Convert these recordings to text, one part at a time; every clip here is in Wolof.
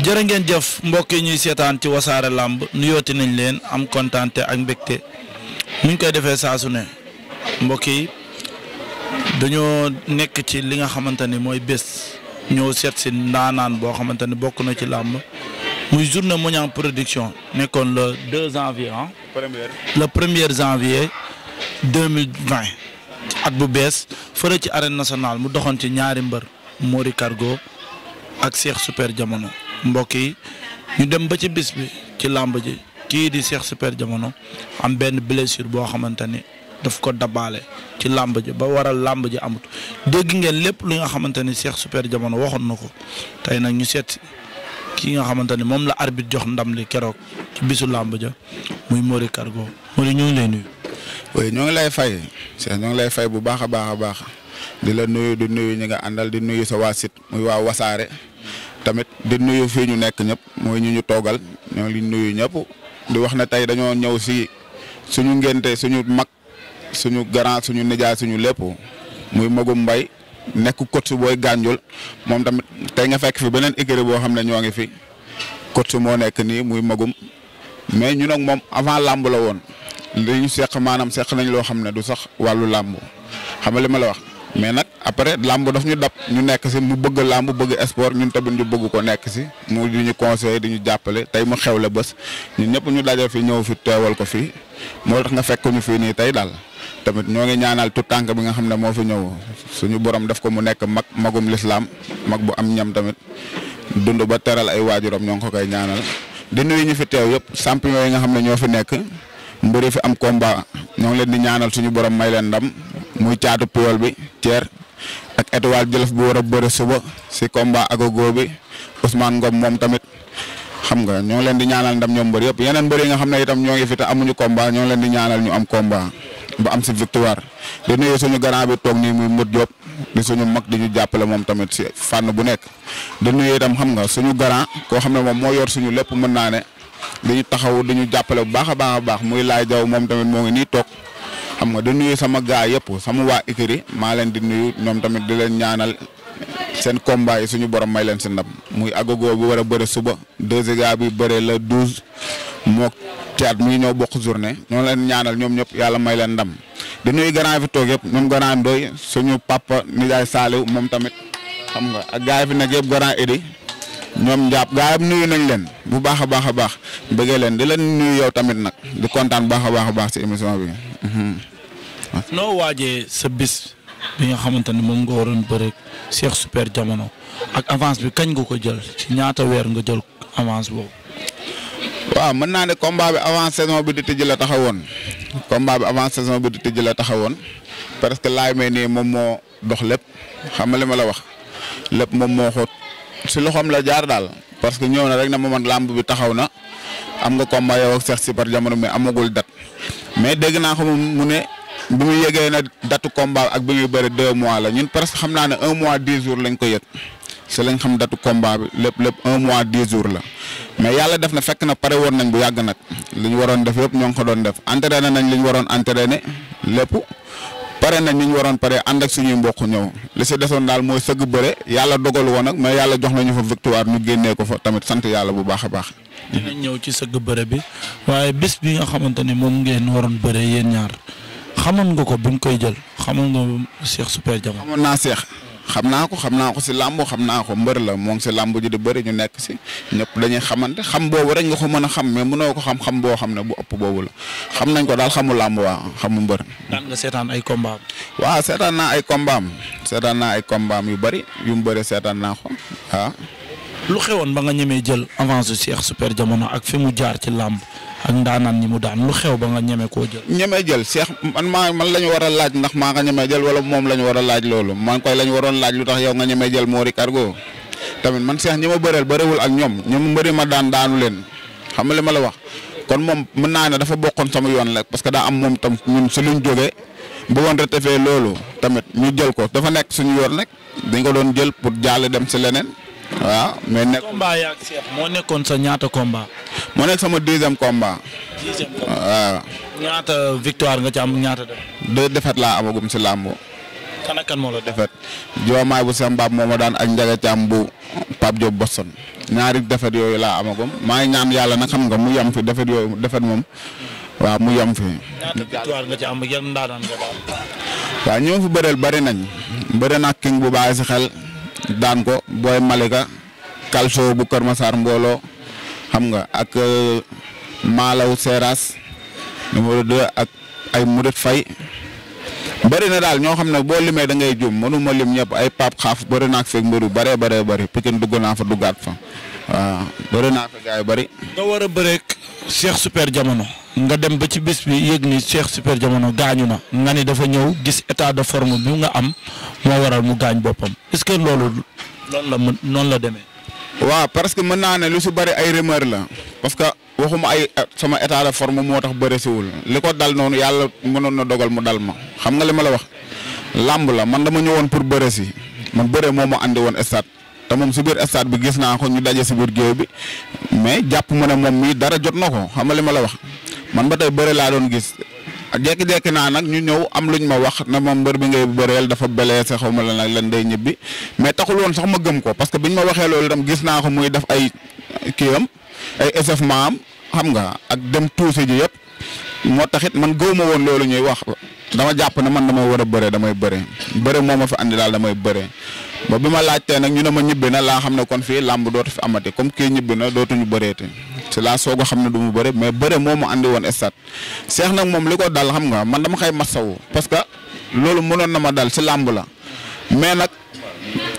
jërë ngeen jëf mbokk yi ñuy seetaan ci wasaare làmb nuyooti nañ leen am kontaan ak mbégte ñu koy defee saa su ne mbokk yi dañoo nekk ci li nga xamante ni mooy bés ñëw seet si ndaanaan boo xamante ni bokk na ci làmb muy journée Mouniang production nekkoon le 2 janvier ah. le premier janvier 2020 at bu bees fële ci arène national mu doxoon ci ñaari mbër Mori Cargo ak Cheikh Super Jamono. mbokk yi ñu dem ba ci bis bi ci làmb ji kii di Cheikh Super Jamono am benn blessure boo xamante ni daf ko dabale ci làmb ji ba waral làmb ji amut dégg ngeen lépp lu nga xamante ni Cheikh Super Jamono waxoon na ko tey nag ñu seet kii nga xamante ni moom la arbitre jox ndam li keroog ci bisu làmb ja muy Mori Cargo Mori ñoo ngi lay nuyu. oui ñoo ngi lay fay Cheikh ñoo ngi lay fay bu baax a baax a baax di la nuyu di nuyu ñi nga àndal di nuyu sa waa sit muy waa wasaare. tamit di nuyu fii ñu nekk ñëpp mooy ñu ñu toogal ñoo ngi nuyu ñëpp di wax na tey dañoo ñëw si suñu ngénte suñu mag suñu grand suñu nijaay suñu lépp muy magum mbay nekk coach booy gànjul moom tamit tey nga fekk fi beneen écurie boo xam ne ñoo ngi fi coach moo nekk nii muy magum mais ñu nag moom avant làmb la woon li ñu seq maanaam seq nañ loo xam ne du sax wàllu làmb xam nga li ma la wax. mais nag après làmb daf ñu dab ñu nekk si mu bëgg làmb bëgg sport ñun tamit ñu bëgg ko nekk si mu di ñu conseillé di ñu jàppale tey mu xewle bés ñu ñëpp ñu daje fi ñëw fi teewal ko fii moo tax nga fekk ñu fii nii tey daal tamit ñoo ngi ñaanal tu tànk bi nga xam ne moo fi ñëw suñu borom def ko mu nekk mag magum lislaam mag bu am ñam tamit dund ba teral ay waajuram ñoo ngi ko koy ñaanal di nuyu ñu fi teew yëpp champion yi nga xam ne ñoo fi nekk mbëri fi am combat ñoo ngi leen di ñaanal suñu borom may leen ndam muy caatu piwol bi Thier ak étoile jëlëf bu war a bëre si combat agogo bi Ousmane Ngom moom tamit xam nga ñoo leen di ñaanal ndam ñoom mbër yëpp yeneen mbër yi nga xam ne itam ñoo ngi amuñu combat ñoo leen di ñaanal ñu am combat ba am si victoire di nuyu suñu grand bi toog nii muy Modou Diop di suñu mag di ñu jàppale moom tamit si fànn bu nekk di nuyu itam xam nga suñu grand koo xam ne moom moo yor suñu lépp mën naa ne di ñu taxaw di ñu jàppale bu baax baax a baax muy laay jaw tamit moo ngi nii toog xam nga di nuyu sama gaa yëpp sama waa écurie maa leen di nuyu ñoom tamit di leen ñaanal seen combat yi suñu borom may leen si ndam muy agogo goo war a bëre suba deux gars bi bëre la douze mook caat mi ñoo bokk journée ñoo leen ñaanal ñoom ñëpp yàlla may leen ndam di nuyu grand fi toog yëpp ñoom grand Ndoye suñu papa nijaay Saliou moom tamit xam nga ak gaa yi fi nekk yëpp grand Idi ñoom jàpp gaa yi nuyu nañ leen bu baax a baax a baax bëggee leen di leen nuyu tamit nag di kontaan baax a baax a baax émission bi. noo waajee sa bis bi nga xamante ne moom nga waroon bëre Cheikh Super Jamono ak avance bi kañ nga ko jël ci ñaata weer nga jël avance boobu. waaw mën naa ne combat bi avant saison bi di tëj la taxawoon combat bi avant saison bi di tëj la taxawoon parce que laay may nii moom moo dox lépp xam nga li ma la wax lépp moom moo xóot si loxoom la jaar daal parce que ñëw na rek na ma man làmb bi taxaw na am nga komba yow seex Cheikh Super Jamono mais amagul date mais dégg naa ko mu ne. yëgalee na datu combat ak bi bëri deux mois la ñun presque xam naa ne un mois dix jours lañ ko yëg si xam datu combat lépp lépp mois dix la mais yàlla def na fekk na pare woon nañ bu yàgg nag li ñu waroon def yëpp ñoo ngi ko doon def entraîné nañ li ñu waroon entraîné lépp pare nañ ni ñu waroon pare ànd ak suñuy mbokk ñëw li si desoon daal mooy sëgg bëre yàlla dogal woon nag mais yàlla jox nañu fa victoire ñu génnee ko fa tamit sant yàlla bu baax a baax. ñëw ci sëgg bëre bi waaye bis bi nga xamante ne moom ngeen waroon bëre yéen ñaar. xamoon nga ko bi koy jël xamoon nga Cheikh Super Diamant. xamoon naa Cheikh. xam naa ko xam naa ko si làmb xam naa ko mbër la moo ngi si làmb ji di bëri ñu nekk si ñëpp dañuy xamante xam boobu rek nga ko mën a xam mais mënoo ko xam-xam boo xam ne bu ëpp boobu la xam nañ ko daal xamu làmb waa xamu mbër. daan nga seetaan ay kombaam. waaw seetaan naa ay kombaam seetaan naa ay kombaam yu bëri yu mu bëri seetaan naa ko waaw. lu xewoon ba nga ñemee jël avance Cheikh Super Diamant ak fi mu jaar ci làmb. ak ndaanaan ñi mu daan lu xew ba nga ñemee koo jël. ñeme jël Cheikh man maa man la ñu war a laaj ndax maa nga ñemee jël wala moom la ñu war a laaj loolu man koy la ñu waroon laaj lu tax yow nga ñeme jël Mori Cargo tamit man Cheikh ñi ma bëreel bëriwul ak ñoom ñoom mbëri ma daan daanu leen xam nga li ma la wax kon moom mën naa ne dafa bokkoon sama yoon la parce que daa am moom tam ñun si luñ jógee bu woon retefee loolu tamit ñu jël ko dafa nekk suñu yoon rek dañ ko doon jël pour jàll dem si leneen waa mais nekk combat yaak moo nekkoon sa ñaata combat. moo nekk sama deuxième combat. deuxième combat ñaata victoire nga ci am ñaata def. deux défaites laa amagum si làmb. kan ak kan moo la défaite. joomaay bu Samba moo daan ak Ndiaga Thiam bu Pape Diop Boston. ñaari defet yooyu laa amagum maa ngi ñaan yàlla nag xam nga mu yem fi défaite yooyu défaite moom. waaw mu yem fi. ñaata victoire ci am yan ndaanaan fi bëreel bari nañ. bëri na king bu bàyyi si xel. daan ko booy Malika Calcio bu Kër Massar mbooloo xam nga ak euh, Malaw Seras numéro 2 ak ay Murit Fay bëri na daal ñoo xam ne boo limee da ngay juum mënu ma lim ñëpp ay Pape Xaaf bëri na ak seeg mbëru bëree bëree bëri Pikine dugg naa fa duggaat fa. waaw bëri naa yu bëri. war a bëreeg Cheikh Super Jamono. nga dem ba ci bis bi yëg ni Cheikh Jamono gaañu na. nga ni dafa ñëw gis état de forme bi nga am moo waral mu gaañ boppam est-ce que loolu loolu la mën noonu la demee. waaw parce que mën naa ne lu si bari ay rumeur la parce que waxuma ay sama état de forme moo tax bëresiwul li ko dal noonu yàlla mënoon na dogal mu dal ma xam nga li ma la wax. làmb la man dama ñëwoon pour bëresi man bëree moo ma andi woon stade. te moom si biir stade bi gis naa ko ñu daje si géew bi mais jàpp ma ne moom mii dara jot na ko xam nga li ma la wax man ba tey bëre laa doon gis jékki-jékki naa nag ñu ñëw am luñ ma wax na moom mbër bi ngay bëreel dafa blessé xaw ma la nag lan day ñibbi mais taxul woon sax ma gëm ko parce que biñ ma waxee loolu itam gis naa ko muy def ay kii am ay échauffement am xam nga ak dem tuuse ji yëpp moo taxit man gëw ma woon loolu ñuy wax dama jàpp na man dama war a bëre damay bëre bëre moo ma fi andi daal damay bëre ba bi ma laajtee nag ñu ne ma ñibbi na laa xam ne kon fii làmb dootu fi amati comme kii ñibbi na dootuñu bëreeti ci laa soog a xam ne du mu bëre mais bëre moo ma andi woon stade seex nag moom li ko dal xam nga man dama xay masawu parce que loolu mënoon na ma daal ci làmb la mais nag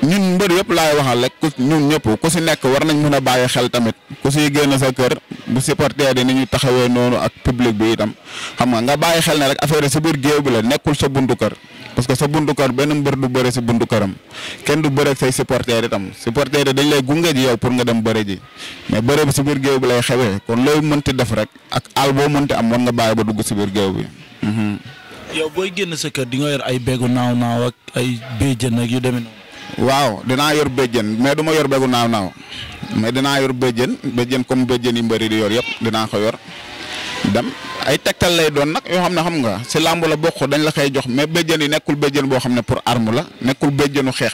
ñun mbër yëpp laay waxal rek ku ñun ñëpp ku si nekk war nañ mën a bàyyi xel tamit ku siy génn sa kër bu supporter yi ni ñu taxawee noonu ak public bi itam xam nga nga bàyyi xel ne rek affaire yi si géew bi la nekkul sa buntu kër parce que sa buntu kër benn mbër du bëre si buntu këram kenn du bëre ak say supporter itam supporter yi dañ lay gunge ji pour nga dem bëre ji mais bëre bi si biir géew bi lay xewee kon looy mënti def rek ak al boo mënti am war nga bàyyi ba dugg si biir géew bi. Mhm. yow booy génn sa kër di nga yor ay bégu naaw naaw ak ay béjjën ak yu deme noonu waaw dinaa yor bëjjën mais du ma yor begu naaw naaw mais dinaa yor béjjén béjjén comme béjjén yi mbëri di yor yëpp dinaa ko yor dem ay tegtal lay doon nag yoo xam ne xam nga si làmb la bokk dañ la koy jox mais béjjén yi nekkul béjjén boo xam ne pour arme nekkul béjjénu xeex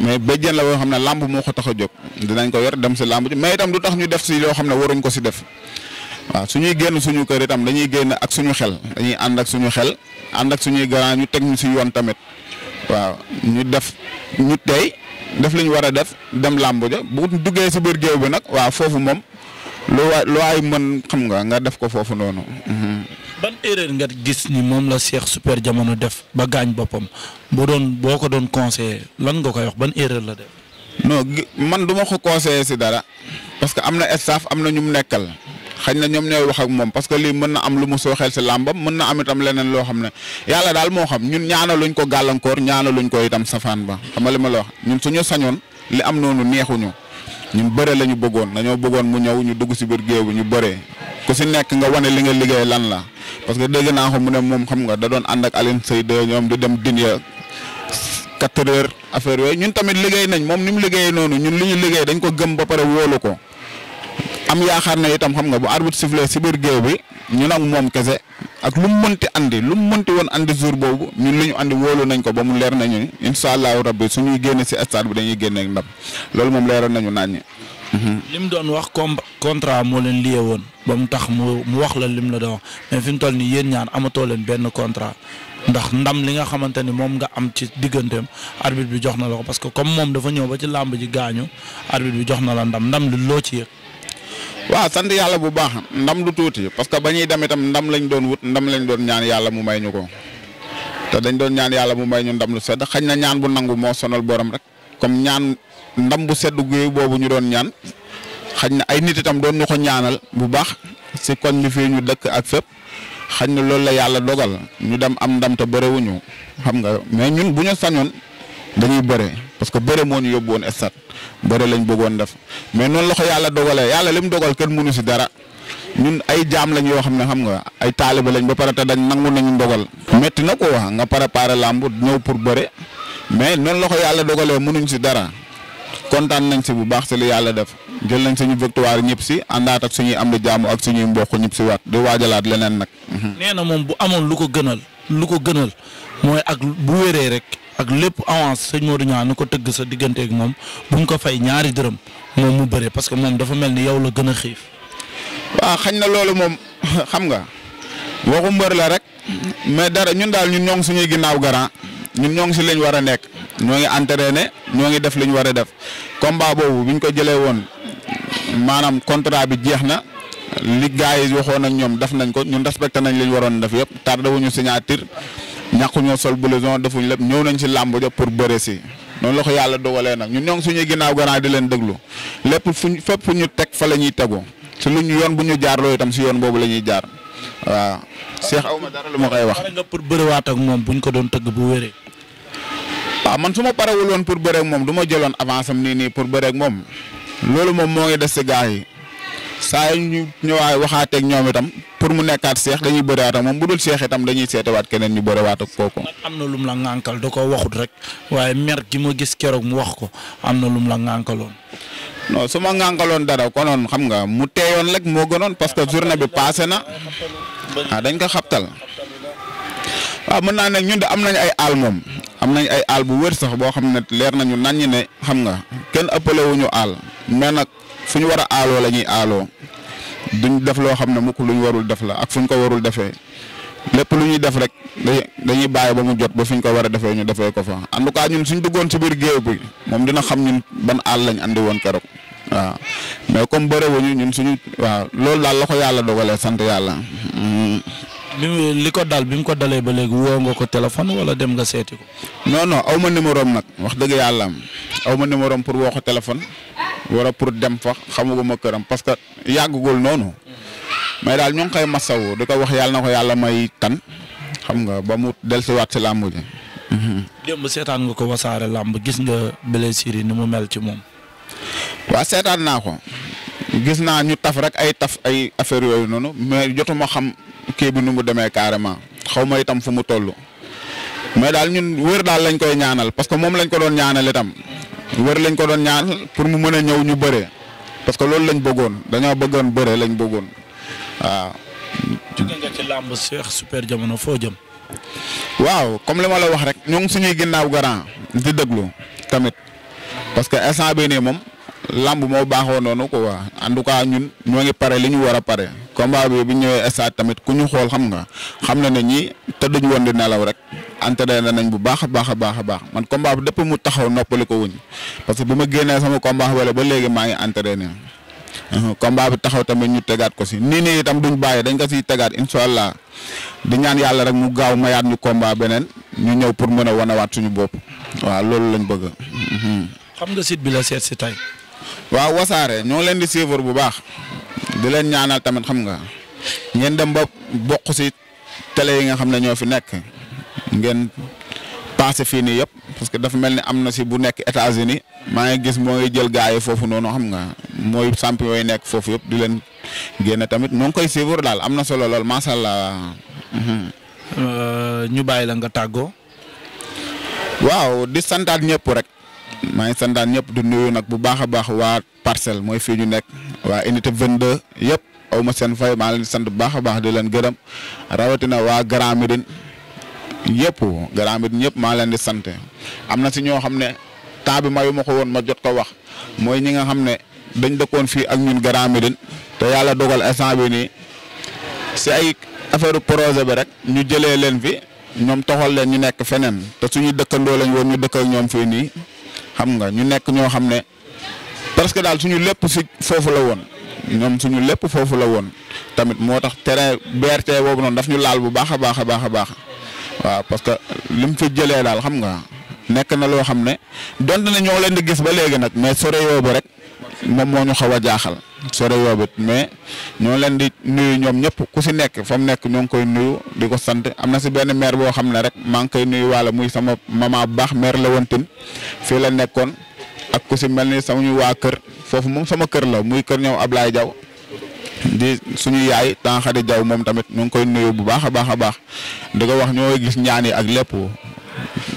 mais béjjén la boo xam ne làmb moo ko tax a jóg danañ ko yor dem si làmb ji mais itam du tax ñu def si yoo xam ne waruñ ko si def waaw su ñuy génn suñu kër itam dañuy génn ak suñu xel dañuy ànd ak suñu xel ànd ak suñuy garant ñu teg si yoon tamit. waaw ñu def ñu tey def li ñu war a def dem làmb ja bu duggee si biir géew bi nag waaw foofu moom lu waay lu waay mën xam nga nga def ko foofu noonu. Mhm. ban erreur nga gis ni moom la Cheikh Super Jamono def ba gaañ boppam boo doon boo ko doon conseillé lan nga koy wax ban erreur la def. non man du ma ko conseillé si dara parce que am na staff am na ñu mu nekkal. xañ na ñoom ñooy wax ak moom parce que lii mën na am lu mu sooxeel si làmbam mën na am itam leneen loo xam ne yàlla daal moo xam ñun ñaana luñ ko gàllankoor ñaanaluñ ko itam safaan ba xam nga li ma la wax ñun suñu sañoon li am noonu neexuñu ñun bëre la ñu bëggoon dañoo bëggoon mu ñëw ñu dugg si biir géew bi ñu bëree ku si nekk nga wane li nga liggéey lan la parce que dégg naa ko mu ne moom xam nga da doon ànd ak Alioune Seye de ñoom di dem dunya quatre heures affaire yooyu ñun tamit liggéey nañ moom nu mu liggéey noonu ñun li ñu liggéey dañ ko gëm ba pare wóolu ko am yaakaar ne itam xam nga bu arbitre sifflé si biir géew bi ñu nag moom kese ak lu mu mënti andi lu mu mënti woon andi jour boobu ñun li ñu andi wóolu nañ ko ba mu leer nañu ni incha allahu suñuy génn si stade bi dañuy génneeg ndam loolu moom leeral nañu naan ñi. Mhm. li mu doon wax com contrat moo leen lié woon ba mu tax mu mu wax la lim la doon mais fi mu toll nii yéen ñaan amatoo leen benn contrat ndax ndam li nga xamante ni moom nga am ci digganteem arbitre bi jox na la ko parce que comme moom dafa ñëw ba ci làmb ji gaañu arbitre bi jox na la ndam loo ci yëg. waaw sant yàlla bu baax ndam du tuuti parce que ba ñuy dem itam ndam lañ doon wut ndam lañ doon ñaan yàlla mu may ñu ko te dañ doon ñaan yàlla mu may ñu ndam lu sedd xañ na ñaan bu nangu moo sonal borom rek comme ñaan ndam bu sedd guy boobu ñu doon ñaan xañ na ay nit itam doon ñu ko ñaanal bu baax si koñ bi fii ñu dëkk ak fépp xañ na loolu la yàlla dogal ñu dem am ndam te bëre xam nga mais ñun bu ñu sañoon dañuy bëre. parce que bëre moo ñu yóbbu woon stade bëre lañ bëggoon def mais noonu la ko yàlla dogalee yàlla lim dogal kenn mënu si dara ñun ay jaam lañ yoo xam ne xam nga ay taaliba lañ ba pare te dañ nangu nañu dogal. métti na ko waa nga préparé làmb ñëw pour bëre mais noonu la ko yàlla dogalee mënuñ si dara kontaan nañ si bu baax si li yàlla def jël nañ suñu victoire ñëpp si àndaat ak suñuy am di jaamu ak suñuy mbokk ñëpp si waat di waajalaat leneen nag. nee na moom bu amoon ak lépp avance sëñ Modou Niang na ko tëgg sa digganteeg moom bu mu ko fay ñaari dërëm moom mu bëree parce que moom dafa mel ni yow la gën a xiif. waaw xañ na loolu moom xam nga waxu mbër la rek mais dara ñun daal ñun ñoo suñuy ginnaaw garant ñun ñoo ngi si lañ war a nekk ñoo ngi ne ñoo ngi def li ñu war a def combat boobu bi ñu ko jëlee woon maanaam contrat bi jeex na li gars yi waxoon ak ñoom def nañ ko ñun respecté nañ li waroon def yëpp tardé wuñu signature ñàkkuñoo sol blouson defuñ lépp ñëw nañ si làmb ja pour bëre si noonu loxo yàlla dogalee nag ñu ñoo ngi suñuy ginnaaw gannaaw di leen déglu lépp fuñ fépp fu ñu teg fa la ñuy tegu si lu ñu yoon bu ñu jaar loolu itam si yoon boobu la ñuy jaar waaw. Cheikh awma dara lu ma koy wax. pare nga pour bëriwaat ak moom ñu ko doon tëgg bu wéree. waaw man su ma parewul woon pour bëreeg moom du ma jëloon avance am nii nii pour bëreeg moom loolu moom moo ngi des si gaa yi saa yu ñu ñëwaay waxaateeg ñoom itam pour mu nekkaat seex mm-hmm. dañuy bëriwaat ak moom bu dul seex itam dañuy seetewaat keneen ñu bëriwaat ak kooku. am na lum la ŋànkal da koo waxut rek waaye mer gi ma gis keroog mu wax ko am na lum la ŋànkaloon. non su ma ŋànkaloon dara konoon xam nga mu teeyoon lek moo gënoon parce que journée bi passé na ah dañ ko xabtal. waaw ah, mën naa ne ñun de am nañ ay aal moom am nañ ay aal bu wër sax boo xam ne leer nañu naññ ne xam nga kenn ëppale wuñu aal mais nag fu ñu war a aaloo la ñuy aaloo duñ def loo xam ne mukk luñ warul def la ak ko warul defee lépp lu ñuy def rek dañuy bàyyi ba mu jot ba fi ñu ko war a defee ñu defee ko fa en tout cas ñun suñ duggoon ci biir géew moom dina xam ñun ban àll lañ andi woon keroog waaw mais comme bëre wuñu ñun suñu waaw loolu daal la ko yàlla dogalee sant yàlla. Mm-hmm. bi li ko daal bi mu ko dalee ba léegi woo nga ko téléphone wala dem nga seeti ko. non non aw ma numéro nag wax dëgg yàlla aw ma numéro pour woo ko téléphone wala pour dem fa xamaguma këram parce que yàggagul noonu. mais daal ñoo ngi koy masawu di ko wax yàlla na ko yàlla may tan xam nga ba mu dellusiwaat si làmb ji. Mhm. seetaan nga ko wasaare làmb gis nga blessure yi ni mu mel ci moom. waaw seetaan naa ko gis naa ñu taf rek ay taf ay affaire yooyu noonu mais jotuma xam kii bi nu mu demee carrément xaw ma itam fu mu toll. mais daal ñun wër daal lañ koy ñaanal parce que moom lañ ko doon ñaanal itam wër lañ ko doon ñaanal pour mu mën a ñëw ñu bëree parce que loolu lañ bëggoon dañoo bëggoon bëree lañ bëggoon waaw. jóge nga ci làmb Super Jamono foo jëm. waaw comme li ma la wax rek ñoo ngi suñuy ginnaaw garant di déglu tamit parce que instant bii nii moom làmb moo baaxoo noonu quoi en tout cas ñun ñoo ngi pare li ñu war a pare combat bi bu ñëwee stade tamit ku ñu xool xam nga xam na ne ñi te duñ woon di nelaw rek na nañ bu baax a baax a baax a baax man combat bi depuis mu taxaw noppali ko wuñ parce que bu ma génnee sama combat wala ba léegi maa ngi ne combat bi taxaw tamit ñu tegaat ko si nii nii itam duñ bàyyi dañ ko siy tegaat incha allah di ñaan yàlla rek mu gaaw mayaat ñu combat beneen ñu ñëw pour mën a wanawaat suñu bopp waaw loolu lañ bëgg. xam nga site bi seet si tey waaw wasaare ñoo leen di suivre bu baax di leen ñaanal tamit xam nga ngeen dem ba bokk si télé yi nga xam ne ñoo fi nekk ngeen passé fii nii yëpp parce que dafa mel ni am na si bu nekk États-Unis maa ngi gis moo jël gars foofu noonu xam nga mooy champion yi nekk foofu yëpp di leen génne tamit ñoo ngi koy suivre daal am na solo lool macha allah. Mhm. Euh, ñu bàyyi la nga tàggoo. waaw di santaat ñëpp rek. maa ngi sant daan ñëpp du nuyu nag bu baax a baax waa parcelle mooy fii ñu nekk waa unité 22 yëpp aw ma seen fay maa leen sant bu baax a baax di leen gërëm rawatina waa Grand Médine yëpp Grand Médine yëpp maa leen di sant am na si ñoo xam ne temps bi mayu ma ko woon ma jot ko wax mooy ñi nga xam ne dañ dëkkoon fii ak ñun Grand Médine te yàlla dogal instant bi nii si ay affaire projet bi rek ñu jëlee leen fi ñoom toxal leen ñu nekk feneen te suñu dëkkandoo lañ woon ñu dëkk ak ñoom nii. xam nga ñu nekk ñoo xam ne parce que daal suñu lépp si foofu la woon ñoom suñu lépp foofu la woon tamit moo tax terrain BRT boobu noon daf ñu laal bu baax a baax a baax a baax waaw parce que lim fi jëlee daal xam nga nekk na loo xam ne donte ne ñoo leen di gis ba léegi nag mais sore yoobu rek moom moo ñu xaw a jaaxal sore yoobit mais ñoo leen di nuyu ñoom ñëpp ku si nekk fa mu nekk ñoo ngi koy nuyu di ko sant am na si benn maire boo xam ne rek maa ngi koy nuyu waala muy sama mama bu baax maire la wantin fii la nekkoon ak ku si mel ni sama waa kër foofu moom sama kër la muy kër ñëw Ablaye Diaw di suñu yaay Tanxade Diaw moom tamit ñu ngi koy nuyu bu baax a baax a baax di ko wax ñoo gis ñaan yi ak lépp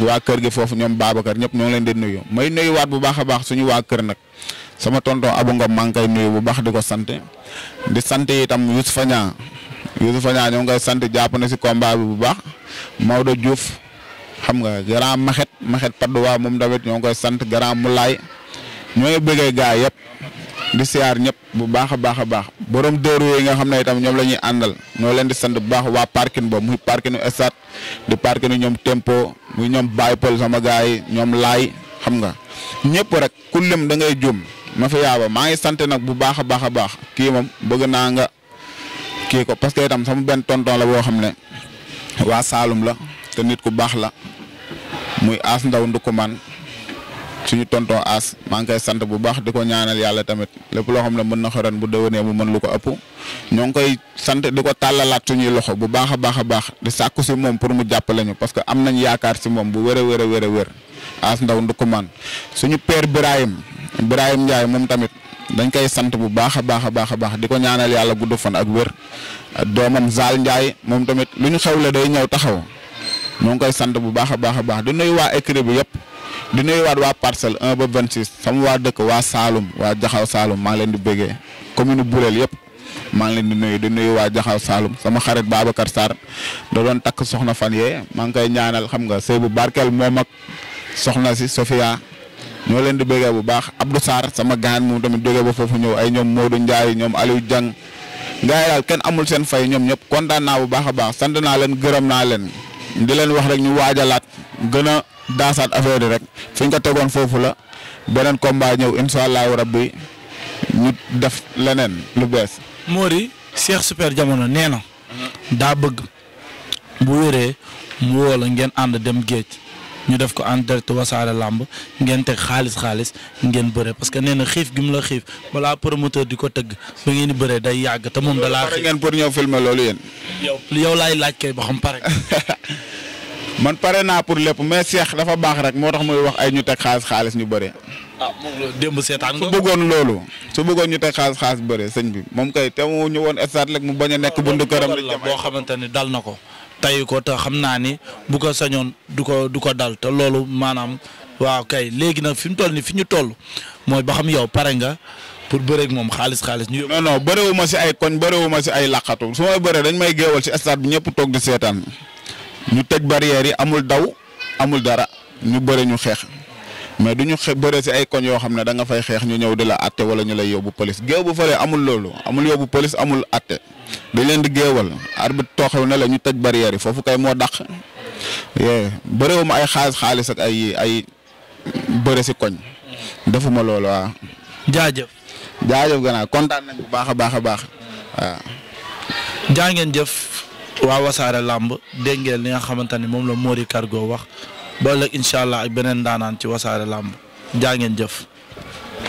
waa kër gi foofu ñoom Babacar ñëpp ñoo ngi leen di nuyu may waat bu baax a baax suñu waa kër nag sama tonton Abu Ngom maa ngi koy bu baax di ko sant di sant itam Youssoufa Niang Youssoufa Niang ñoo ngi koy sant jàpp na si combat bu baax Maodo Diouf xam nga grand Maxet Maxet Padoua moom tamit ñoo sant grand Moulay ñoo ngi bëggee gaa yëpp di siyaar ñëpp bu baax a baax a baax borom dëru yi nga xam ne itam ñoom la ñuy àndal ñoo leen di sant bu baax waa parking boobu muy parkinu Esat di parkinu ñoom Tempo muy ñoom Baye Paul sama gars yi ñoom Laay xam nga ñëpp rek ku lim da ngay juum. ma fi yaaba maa ngi sant nag bu baax a baax a baax kii moom bëgg naa nga kii ko parce que itam sama benn tonton la boo xam ne waa Saalum la te nit ku baax la muy aas ndaw ndukumaan suñu tonton aas maa ngi koy sant bu baax di ko ñaanal yàlla tamit lépp loo xam ne mën na xëran bu déwénee mu mën lu ko ëpp ñoo ngi koy sant di ko tàllalaat suñuy loxo bu baax a baax a baax di sàkku si moom pour mu jàppale ñu parce que am nañ yaakaar si moom bu wér a a wér a wér aas ndaw ndukumaan suñu père Ibrahima Ndiaye moom tamit dañ koy sant bu baax a baax a baax a baax di ko ñaanal yàlla gudd fan ak wér doomam Zal Ndiaye moom tamit lu ñu xewle day ñëw taxaw ñoo ngi koy sant bu baax a baax a baax di nuyu waa écrit bi yëpp di nuyuwaat waa parcelle 1 ba 26 sama waa dëkk waa Saalum waa Jaxaw Saalum maa ngi leen di bëggee commune Burel yëpp maa ngi leen di nuyu di nuyu waa Jaxaw Saalum sama xarit Babacar Sarr da doon takk soxna fan yee maa ngi koy ñaanal xam nga sëy bu barkeel moom ak soxna ñoo leen di bëggee bu baax Abdou Sarr sama gaan moom tamit jógee ba foofu ñëw ay ñoom Modou Ndiaye ñoom Aliou Diang gars yi daal kenn amul seen fay ñoom ñëpp kontaan bu baax a baax sant naa leen gërëm naa leen di leen wax rek ñu waajalaat gën a daasaat affaire yi rek fi ñu ko tegoon foofu la beneen combat ñëw incha allahu rabbi ñu def leneen lu bees. Mori Cheikh Super Jamono nee na mhm. daa bëgg bu wéree mu woo la ngeen ànd dem géej. ñu def ko en direct wasaare làmb ngeen teg xaalis xaalis ngeen bëre parce que nee na xiif gi mu la xiif balaa promoteur di ko tëgg ba ngeen di bëree day yàgg te moom. dalaa xiif ngeen pour ñëw filmer loolu yéen. yow yow laay laaj kay ba xam pare. man pare naa pour lépp mais Cheikh dafa baax rek moo tax muy wax ay ñu teg xaalis xaalis ñu bëre. ah moom démb seetaan su bëggoon loolu. su bëggoon ñu teg xaalis xaalis bëre sëñ bi moom kay te mu ñëwoon woon stade rek mu bañ a nekk. Ah, bundu këram boo xamante ne dal na ko tayu ko te xam naa ni bu ko sañoon du ko du ko dal te loolu maanaam waaw kay léegi nag fi mu toll nii fi ñu toll mooy ba xam yow pare nga pour bëreeg moom xaalis xaalis ñu. non non bëreewu ma si ay koñ bëreewu ma si ay laqatu su may dañ may géewal si stade bi ñëpp toog di seetaan ñu tëj barrière yi amul daw amul dara ñu bëre ñu xeex. mais du ñu xe bëre si ay koñ yoo xam ne danga nga fay xeex ñu ñëw di la atte wala ñu lay yóbbu police géew bu fële amul loolu amul yóbbu police amul atte dañ leen di géewal arbitre tooxew na la ñu tëj barrière yi foofu kay moo dàq bëréewuma ay xaalis xaalis ak ay ay bëre si koñ defuma loolu waaw jaajëf jaajëf gannaaw kontaan nañ bu baax a baax a baax waaw jaa ngeen jëf waa wasaare làmb dégg ngeen li nga xamante ni moom la Mori Cargo wax ba ëllëg incha allah ak beneen daanaan ci wasaare làmb jaa ngeen jëf